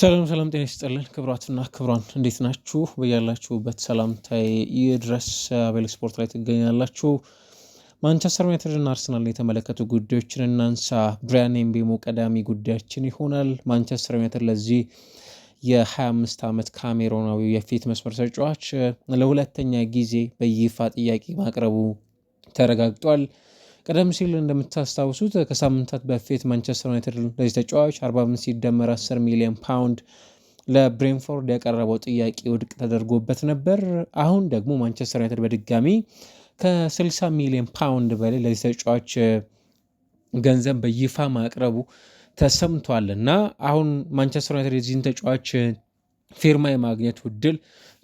ሰላም ሰላም፣ ጤና ይስጥልን ክብሯትና ክብሯን፣ እንዴት ናችሁ? በያላችሁበት ሰላምታዬ ይድረስ። አቤል ስፖርት ላይ ትገኛላችሁ። ማንቸስተር ዩናይትድና አርሰናል የተመለከቱ ጉዳዮችን እናንሳ። ብሪያን ኤምቤሞ ቀዳሚ ጉዳያችን ይሆናል። ማንቸስተር ዩናይትድ ለዚህ የ25 ዓመት ካሜሮናዊ የፊት መስመር ተጫዋች ለሁለተኛ ጊዜ በይፋ ጥያቄ ማቅረቡ ተረጋግጧል። ቀደም ሲል እንደምታስታውሱት ከሳምንታት በፊት ማንቸስተር ዩናይትድ ለዚህ ተጫዋች 45 ሲደመር 10 ሚሊዮን ፓውንድ ለብሬንፎርድ ያቀረበው ጥያቄ ውድቅ ተደርጎበት ነበር። አሁን ደግሞ ማንቸስተር ዩናይትድ በድጋሚ ከ60 ሚሊዮን ፓውንድ በላይ ለዚህ ተጫዋች ገንዘብ በይፋ ማቅረቡ ተሰምቷል እና አሁን ማንቸስተር ዩናይትድ የዚህን ተጫዋች ፊርማ የማግኘት ውድል።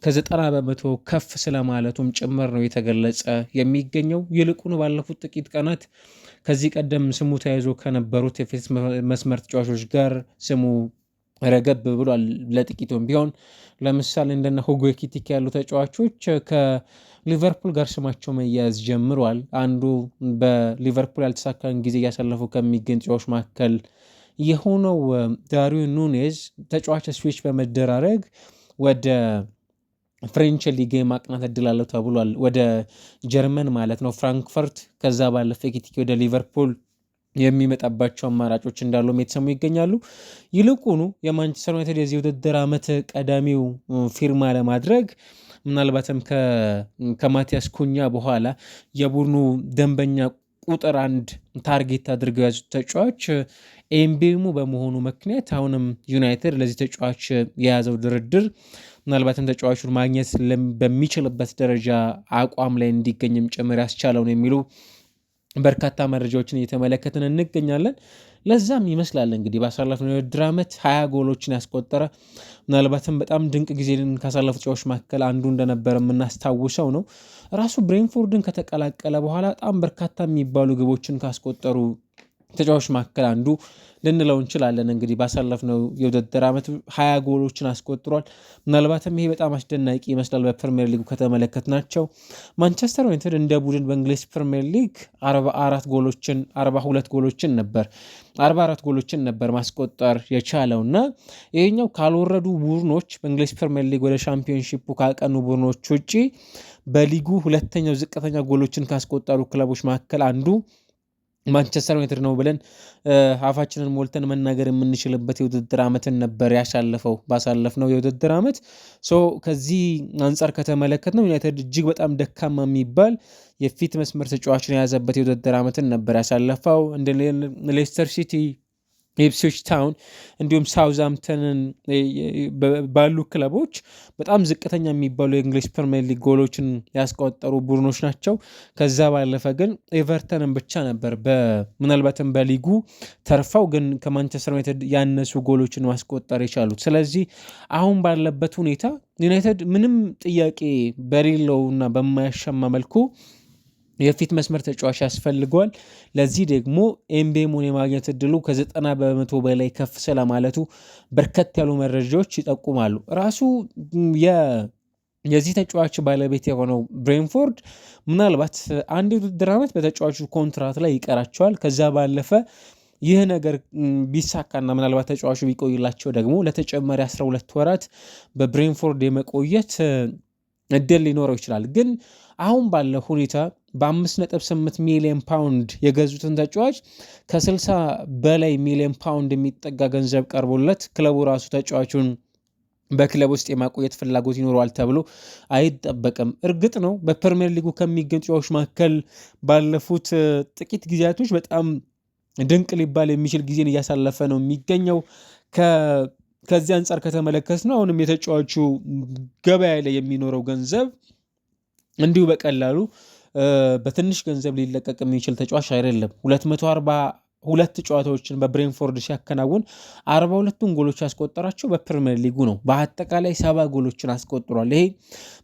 ከዘጠና በመቶ ከፍ ስለማለቱም ጭምር ነው የተገለጸ የሚገኘው። ይልቁን ባለፉት ጥቂት ቀናት ከዚህ ቀደም ስሙ ተያይዞ ከነበሩት የፊት መስመር ተጫዋቾች ጋር ስሙ ረገብ ብሏል። ለጥቂቱም ቢሆን ለምሳሌ እንደነ ሁጎ ኤኪቲኬ ያሉ ተጫዋቾች ከሊቨርፑል ጋር ስማቸው መያያዝ ጀምሯል። አንዱ በሊቨርፑል ያልተሳካን ጊዜ እያሳለፉ ከሚገኝ ተጫዋች መካከል የሆነው ዳርዊን ኑኔዝ ተጫዋች ስዊች በመደራረግ ወደ ፍሬንች ሊግ ማቅናት እድል አለው ተብሏል። ወደ ጀርመን ማለት ነው ፍራንክፈርት፣ ከዛ ባለፈ ኪቲኪ ወደ ሊቨርፑል የሚመጣባቸው አማራጮች እንዳሉ የተሰሙ ይገኛሉ። ይልቁኑ የማንቸስተር ዩናይትድ የዚህ ውድድር ዓመት ቀዳሚው ፊርማ ለማድረግ ምናልባትም ከማቲያስ ኩኛ በኋላ የቡድኑ ደንበኛ ቁጥር አንድ ታርጌት አድርገው ያዙት ተጫዋች ኤምቢሙ በመሆኑ ምክንያት አሁንም ዩናይትድ ለዚህ ተጫዋች የያዘው ድርድር ምናልባትም ተጫዋቹን ማግኘት በሚችልበት ደረጃ አቋም ላይ እንዲገኝም ጭምር ያስቻለው ነው የሚሉ በርካታ መረጃዎችን እየተመለከትን እንገኛለን። ለዛም ይመስላል እንግዲህ ባሳለፍነው የውድድር ዓመት ሀያ ጎሎችን ያስቆጠረ ምናልባትም በጣም ድንቅ ጊዜን ካሳለፉ ተጫዋቾች መካከል አንዱ እንደነበረ የምናስታውሰው ነው። ራሱ ብሬንፎርድን ከተቀላቀለ በኋላ በጣም በርካታ የሚባሉ ግቦችን ካስቆጠሩ ተጫዋቾች መካከል አንዱ ልንለው እንችላለን። እንግዲህ ባሳለፍነው የውድድር ዓመት ሀያ ጎሎችን አስቆጥሯል። ምናልባትም ይሄ በጣም አስደናቂ ይመስላል። በፕሪምየር ሊጉ ከተመለከት ናቸው ማንቸስተር ዩናይትድ እንደ ቡድን በእንግሊዝ ፕሪምየር ሊግ አርባ አራት ጎሎችን አርባ ሁለት ጎሎችን ነበር አርባ አራት ጎሎችን ነበር ማስቆጠር የቻለው እና ይሄኛው ካልወረዱ ቡድኖች በእንግሊዝ ፕሪምየር ሊግ ወደ ሻምፒዮንሺፑ ካቀኑ ቡድኖች ውጪ በሊጉ ሁለተኛው ዝቅተኛ ጎሎችን ካስቆጠሩ ክለቦች መካከል አንዱ ማንቸስተር ዩናይትድ ነው ብለን አፋችንን ሞልተን መናገር የምንችልበት የውድድር ዓመትን ነበር ያሳለፈው ባሳለፍነው የውድድር ዓመት። ሶ ከዚህ አንጻር ከተመለከት ነው ዩናይትድ እጅግ በጣም ደካማ የሚባል የፊት መስመር ተጫዋችን የያዘበት የውድድር ዓመትን ነበር ያሳለፈው እንደ ሌስተር ሲቲ ኢፕስዊች ታውን እንዲሁም ሳውዝሃምፕተንን ባሉ ክለቦች በጣም ዝቅተኛ የሚባሉ የእንግሊዝ ፕሪሚየር ሊግ ጎሎችን ያስቆጠሩ ቡድኖች ናቸው። ከዛ ባለፈ ግን ኤቨርተንን ብቻ ነበር ምናልባትም በሊጉ ተርፈው ግን ከማንቸስተር ዩናይትድ ያነሱ ጎሎችን ማስቆጠር የቻሉት። ስለዚህ አሁን ባለበት ሁኔታ ዩናይትድ ምንም ጥያቄ በሌለውና በማያሻማ መልኩ የፊት መስመር ተጫዋች ያስፈልገዋል። ለዚህ ደግሞ ኤምቤሞን የማግኘት እድሉ ከዘጠና በመቶ በላይ ከፍ ስለማለቱ በርከት ያሉ መረጃዎች ይጠቁማሉ። ራሱ የዚህ ተጫዋች ባለቤት የሆነው ብሬንፎርድ ምናልባት አንድ ውድድር ዓመት በተጫዋቹ ኮንትራት ላይ ይቀራቸዋል። ከዛ ባለፈ ይህ ነገር ቢሳካና ምናልባት ተጫዋቹ ቢቆይላቸው ደግሞ ለተጨማሪ 12 ወራት በብሬንፎርድ የመቆየት እድል ሊኖረው ይችላል። ግን አሁን ባለው ሁኔታ በ5.8 ሚሊዮን ፓውንድ የገዙትን ተጫዋች ከ60 በላይ ሚሊዮን ፓውንድ የሚጠጋ ገንዘብ ቀርቦለት ክለቡ ራሱ ተጫዋቹን በክለብ ውስጥ የማቆየት ፍላጎት ይኖረዋል ተብሎ አይጠበቅም። እርግጥ ነው በፕሪምየር ሊጉ ከሚገኙ ተጫዋቾች መካከል ባለፉት ጥቂት ጊዜያቶች በጣም ድንቅ ሊባል የሚችል ጊዜን እያሳለፈ ነው የሚገኘው። ከዚህ አንጻር ከተመለከት ነው አሁንም የተጫዋቹ ገበያ ላይ የሚኖረው ገንዘብ እንዲሁ በቀላሉ በትንሽ ገንዘብ ሊለቀቅ የሚችል ተጫዋች አይደለም። 240 ሁለት ጨዋታዎችን በብሬንፎርድ ሲያከናውን አርባ ሁለቱን ጎሎች ያስቆጠራቸው በፕሪምየር ሊጉ ነው። በአጠቃላይ ሰባ ጎሎችን አስቆጥሯል። ይሄ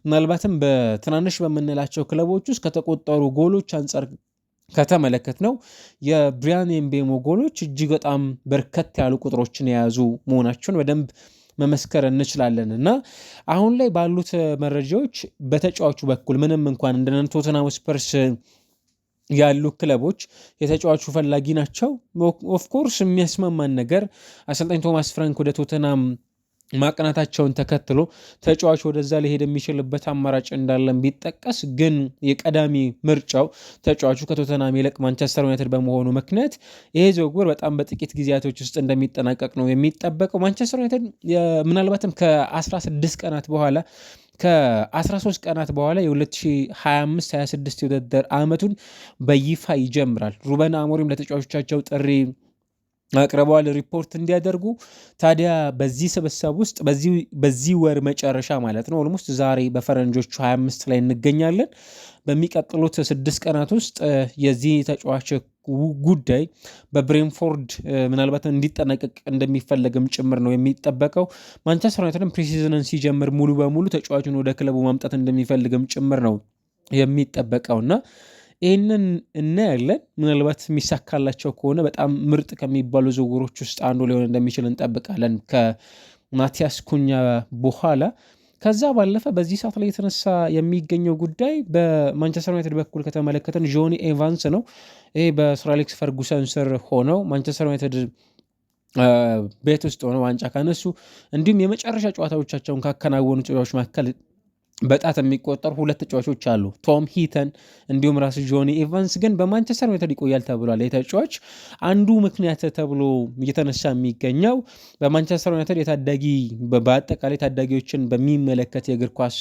ምናልባትም በትናንሽ በምንላቸው ክለቦች ውስጥ ከተቆጠሩ ጎሎች አንጻር ከተመለከት ነው የብሪያን ኤምቤሞ ጎሎች እጅግ በጣም በርከት ያሉ ቁጥሮችን የያዙ መሆናቸውን በደንብ መመስከር እንችላለን እና አሁን ላይ ባሉት መረጃዎች በተጫዋቹ በኩል ምንም እንኳን እንደ ቶተንሃም ስፐርስ ያሉ ክለቦች የተጫዋቹ ፈላጊ ናቸው። ኦፍኮርስ የሚያስማማን ነገር አሰልጣኝ ቶማስ ፍራንክ ወደ ቶተናም። ማቅናታቸውን ተከትሎ ተጫዋች ወደዛ ሊሄድ የሚችልበት አማራጭ እንዳለን ቢጠቀስ ግን የቀዳሚ ምርጫው ተጫዋቹ ከቶተናም ይልቅ ማንቸስተር ዩናይትድ በመሆኑ ምክንያት ይሄ ዝውውር በጣም በጥቂት ጊዜያቶች ውስጥ እንደሚጠናቀቅ ነው የሚጠበቀው። ማንቸስተር ዩናይትድ ምናልባትም ከ16 ቀናት በኋላ ከ13 ቀናት በኋላ የ2025/26 የውድድር ዓመቱን በይፋ ይጀምራል። ሩበን አሞሪም ለተጫዋቾቻቸው ጥሪ አቅርበዋል ሪፖርት እንዲያደርጉ። ታዲያ በዚህ ስብሰብ ውስጥ በዚህ ወር መጨረሻ ማለት ነው ኦልሞስት ዛሬ በፈረንጆቹ 25 ላይ እንገኛለን። በሚቀጥሉት ስድስት ቀናት ውስጥ የዚህ ተጫዋች ጉዳይ በብሬንፎርድ ምናልባት እንዲጠናቀቅ እንደሚፈለግም ጭምር ነው የሚጠበቀው። ማንቸስተር ዩናይትድም ፕሪሲዝንን ሲጀምር ሙሉ በሙሉ ተጫዋቹን ወደ ክለቡ ማምጣት እንደሚፈልግም ጭምር ነው የሚጠበቀውና ይህንን እናያለን። ምናልባት የሚሳካላቸው ከሆነ በጣም ምርጥ ከሚባሉ ዝውውሮች ውስጥ አንዱ ሊሆን እንደሚችል እንጠብቃለን ከማቲያስ ኩኛ በኋላ። ከዛ ባለፈ በዚህ ሰዓት ላይ የተነሳ የሚገኘው ጉዳይ በማንቸስተር ዩናይትድ በኩል ከተመለከተን ጆኒ ኤቫንስ ነው። ይሄ በሰር አሌክስ ፈርጉሰን ስር ሆነው ማንቸስተር ዩናይትድ ቤት ውስጥ ሆነው ዋንጫ ካነሱ እንዲሁም የመጨረሻ ጨዋታዎቻቸውን ካከናወኑ ተጫዋቾች መካከል በጣት የሚቆጠሩ ሁለት ተጫዋቾች አሉ። ቶም ሂተን እንዲሁም ራስ ጆኒ ኤቫንስ ግን በማንቸስተር ዩናይትድ ይቆያል ተብሏል። የተጫዋች አንዱ ምክንያት ተብሎ እየተነሳ የሚገኘው በማንቸስተር ዩናይትድ የታዳጊ በአጠቃላይ ታዳጊዎችን በሚመለከት የእግር ኳስ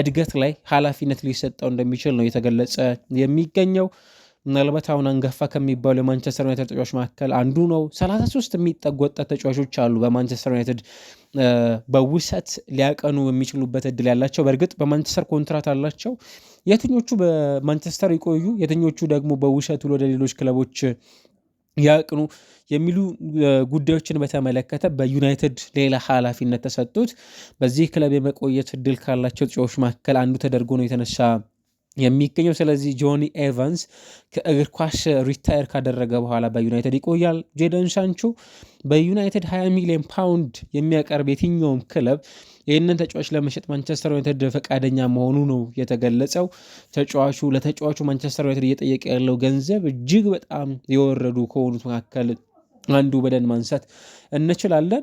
እድገት ላይ ኃላፊነት ሊሰጠው እንደሚችል ነው እየተገለጸ የሚገኘው። ምናልባት አሁን አንጋፋ ከሚባሉ የማንቸስተር ዩናይትድ ተጫዋች መካከል አንዱ ነው። 33 የሚጠጉ ወጣት ተጫዋቾች አሉ በማንቸስተር ዩናይትድ በውሰት ሊያቀኑ የሚችሉበት እድል ያላቸው። በእርግጥ በማንቸስተር ኮንትራት አላቸው። የትኞቹ በማንቸስተር ይቆዩ፣ የትኞቹ ደግሞ በውሰት ውሎ ወደ ሌሎች ክለቦች ያቅኑ የሚሉ ጉዳዮችን በተመለከተ በዩናይትድ ሌላ ኃላፊነት ተሰጡት። በዚህ ክለብ የመቆየት እድል ካላቸው ተጫዋቾች መካከል አንዱ ተደርጎ ነው የተነሳ የሚገኘው ስለዚህ ጆኒ ኤቫንስ ከእግር ኳስ ሪታየር ካደረገ በኋላ በዩናይትድ ይቆያል። ጄደን ሳንቾ በዩናይትድ 20 ሚሊዮን ፓውንድ የሚያቀርብ የትኛውም ክለብ ይህንን ተጫዋች ለመሸጥ ማንቸስተር ዩናይትድ ፈቃደኛ መሆኑ ነው የተገለጸው። ተጫዋቹ ለተጫዋቹ ማንቸስተር ዩናይትድ እየጠየቀ ያለው ገንዘብ እጅግ በጣም የወረዱ ከሆኑት መካከል አንዱ በደን ማንሳት እንችላለን።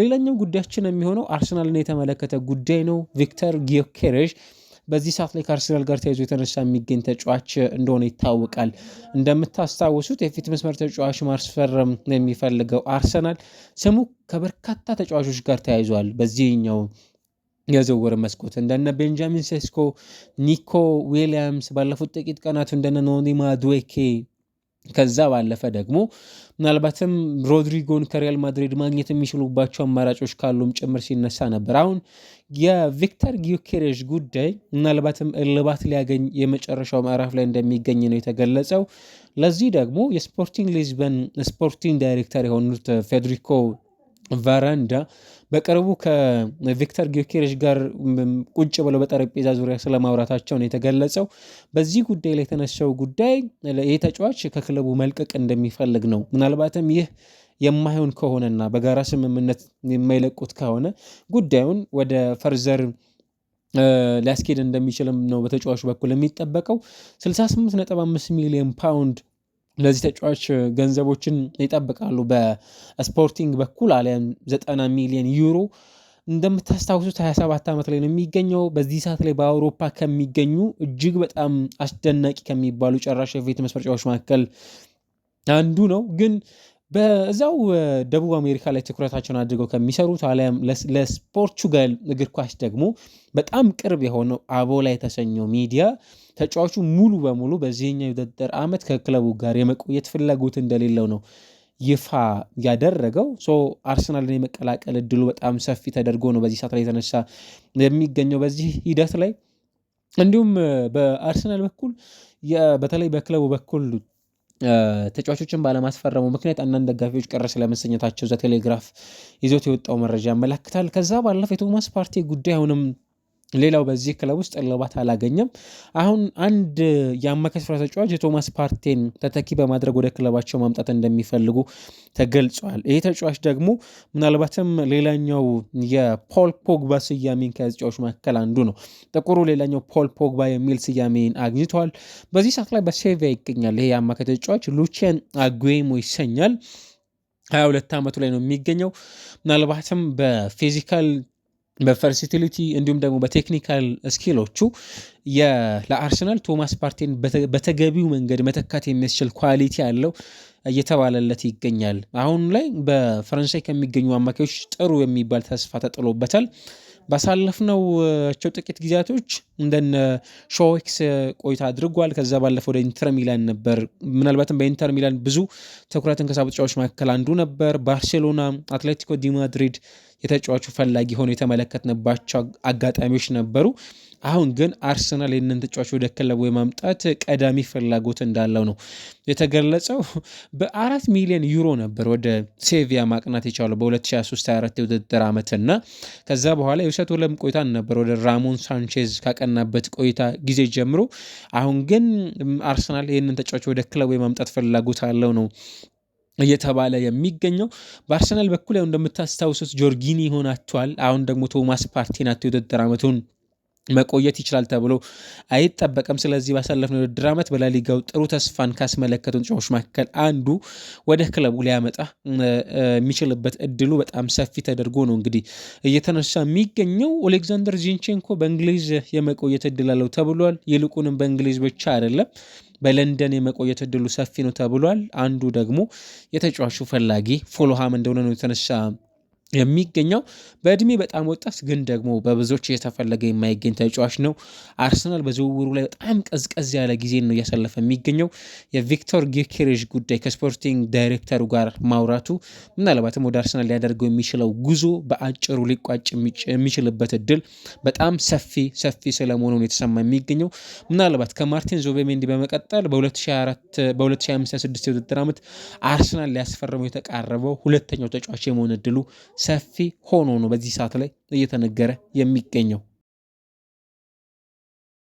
ሌላኛው ጉዳያችን የሚሆነው አርሰናልን የተመለከተ ጉዳይ ነው። ቪክተር ጊዮኬሬሽ በዚህ ሰዓት ላይ ከአርሰናል ጋር ተያይዞ የተነሳ የሚገኝ ተጫዋች እንደሆነ ይታወቃል። እንደምታስታውሱት የፊት መስመር ተጫዋች ማስፈረም የሚፈልገው አርሰናል ስሙ ከበርካታ ተጫዋቾች ጋር ተያይዟል። በዚህኛው የዝውውር መስኮት እንደነ ቤንጃሚን ሴስኮ፣ ኒኮ ዊሊያምስ ባለፉት ጥቂት ቀናት እንደነ ኖኒ ማዱዌኬ ከዛ ባለፈ ደግሞ ምናልባትም ሮድሪጎን ከሪያል ማድሪድ ማግኘት የሚችሉባቸው አማራጮች ካሉም ጭምር ሲነሳ ነበር። አሁን የቪክተር ጊዮኬሬዥ ጉዳይ ምናልባትም እልባት ሊያገኝ የመጨረሻው ምዕራፍ ላይ እንደሚገኝ ነው የተገለጸው። ለዚህ ደግሞ የስፖርቲንግ ሊዝበን ስፖርቲንግ ዳይሬክተር የሆኑት ፌዴሪኮ ቫራንዳ በቅርቡ ከቪክተር ጊዮኬሬሽ ጋር ቁጭ ብለው በጠረጴዛ ዙሪያ ስለማውራታቸው ነው የተገለጸው። በዚህ ጉዳይ ላይ የተነሳው ጉዳይ ይህ ተጫዋች ከክለቡ መልቀቅ እንደሚፈልግ ነው። ምናልባትም ይህ የማይሆን ከሆነና በጋራ ስምምነት የማይለቁት ከሆነ ጉዳዩን ወደ ፈርዘር ሊያስኬድ እንደሚችልም ነው በተጫዋቹ በኩል የሚጠበቀው 68.5 ሚሊዮን ፓውንድ ለዚህ ተጫዋች ገንዘቦችን ይጠብቃሉ። በስፖርቲንግ በኩል አሊያም 90 ሚሊዮን ዩሮ እንደምታስታውሱት 27 ዓመት ላይ ነው የሚገኘው። በዚህ ሰዓት ላይ በአውሮፓ ከሚገኙ እጅግ በጣም አስደናቂ ከሚባሉ ጨራሽ የፊት መስመር ተጫዋቾች መካከል አንዱ ነው ግን በዛው ደቡብ አሜሪካ ላይ ትኩረታቸውን አድርገው ከሚሰሩት አለም ለፖርቹጋል እግር ኳስ ደግሞ በጣም ቅርብ የሆነው አቦላ የተሰኘው ሚዲያ ተጫዋቹ ሙሉ በሙሉ በዚህኛው የውድድር ዓመት ከክለቡ ጋር የመቆየት ፍላጎት እንደሌለው ነው ይፋ ያደረገው። ሶ አርሰናልን የመቀላቀል እድሉ በጣም ሰፊ ተደርጎ ነው በዚህ ሰዓት ላይ የተነሳ የሚገኘው በዚህ ሂደት ላይ እንዲሁም በአርሰናል በኩል በተለይ በክለቡ በኩል ተጫዋቾችን ባለማስፈረሙ ምክንያት አንዳንድ ደጋፊዎች ቅር ስለመሰኘታቸው ዘቴሌግራፍ ይዞት የወጣው መረጃ ያመላክታል። ከዛ ባለፈ የቶማስ ፓርቲ ጉዳይ አሁንም ሌላው በዚህ ክለብ ውስጥ እልባት አላገኘም። አሁን አንድ የአማካይ ስፍራ ተጫዋች የቶማስ ፓርቴን ተተኪ በማድረግ ወደ ክለባቸው ማምጣት እንደሚፈልጉ ተገልጿል። ይህ ተጫዋች ደግሞ ምናልባትም ሌላኛው የፖል ፖግባ ስያሜን ከያዘ ተጫዋች መካከል አንዱ ነው። ጥቁሩ ሌላኛው ፖል ፖግባ የሚል ስያሜን አግኝተዋል። በዚህ ሰዓት ላይ በሴቪያ ይገኛል። ይሄ የአማካይ ተጫዋች ሉቼን አጉዌሞ ይሰኛል። ሀያ ሁለት ዓመቱ ላይ ነው የሚገኘው ምናልባትም በፊዚካል በፈርሲቲሊቲ እንዲሁም ደግሞ በቴክኒካል ስኪሎቹ ለአርሰናል ቶማስ ፓርቴን በተገቢው መንገድ መተካት የሚያስችል ኳሊቲ አለው እየተባለለት ይገኛል። አሁን ላይ በፈረንሳይ ከሚገኙ አማካዮች ጥሩ የሚባል ተስፋ ተጥሎበታል። ባሳለፍናቸው ጥቂት ጊዜያቶች እንደነ ሾዌክስ ቆይታ አድርጓል። ከዛ ባለፈ ወደ ኢንተር ሚላን ነበር። ምናልባትም በኢንተር ሚላን ብዙ ትኩረትን ከሳቡ ተጫዋቾች መካከል አንዱ ነበር። ባርሴሎና፣ አትሌቲኮ ዲ ማድሪድ የተጫዋቹ ፈላጊ ሆኖ የተመለከትንባቸው አጋጣሚዎች ነበሩ። አሁን ግን አርሰናል ይህንን ተጫዋች ወደ ክለቡ የማምጣት ቀዳሚ ፍላጎት እንዳለው ነው የተገለጸው። በአራት ሚሊዮን ዩሮ ነበር ወደ ሴቪያ ማቅናት የቻለው በ2023/24 የውድድር ዓመትና ከዛ በኋላ የውሰት ወለም ቆይታን ነበር ወደ ራሞን ሳንቼዝ ካቀናበት ቆይታ ጊዜ ጀምሮ። አሁን ግን አርሰናል ይህንን ተጫዋች ወደ ክለቡ የማምጣት ፍላጎት አለው ነው እየተባለ የሚገኘው በአርሰናል በኩል ያው እንደምታስታውሱት ጆርጊኒ ሆናቸዋል። አሁን ደግሞ ቶማስ ፓርቲ ናቸው የውድድር ዓመቱን መቆየት ይችላል ተብሎ አይጠበቅም። ስለዚህ ባሳለፍነው የውድድር ዓመት በላሊጋው ጥሩ ተስፋን ካስመለከቱን ተጫዋቾች መካከል አንዱ ወደ ክለቡ ሊያመጣ የሚችልበት እድሉ በጣም ሰፊ ተደርጎ ነው እንግዲህ እየተነሳ የሚገኘው። ኦሌክዛንደር ዚንቼንኮ በእንግሊዝ የመቆየት እድል አለው ተብሏል። ይልቁንም በእንግሊዝ ብቻ አይደለም በለንደን የመቆየት እድሉ ሰፊ ነው ተብሏል። አንዱ ደግሞ የተጫዋቹ ፈላጊ ፎሎሃም እንደሆነ ነው የተነሳ የሚገኘው በእድሜ በጣም ወጣት ግን ደግሞ በብዙዎች እየተፈለገ የማይገኝ ተጫዋች ነው። አርሰናል በዝውውሩ ላይ በጣም ቀዝቀዝ ያለ ጊዜ ነው እያሳለፈ የሚገኘው። የቪክቶር ጊኬሬዥ ጉዳይ ከስፖርቲንግ ዳይሬክተሩ ጋር ማውራቱ ምናልባትም ወደ አርሰናል ሊያደርገው የሚችለው ጉዞ በአጭሩ ሊቋጭ የሚችልበት እድል በጣም ሰፊ ሰፊ ስለመሆኑ የተሰማ የሚገኘው ምናልባት ከማርቲን ዙቢሜንዲ በመቀጠል በ2025/26 የውድድር ዓመት አርሰናል ሊያስፈርመው የተቃረበው ሁለተኛው ተጫዋች የመሆን እድሉ ሰፊ ሆኖ ነው በዚህ ሰዓት ላይ እየተነገረ የሚገኘው።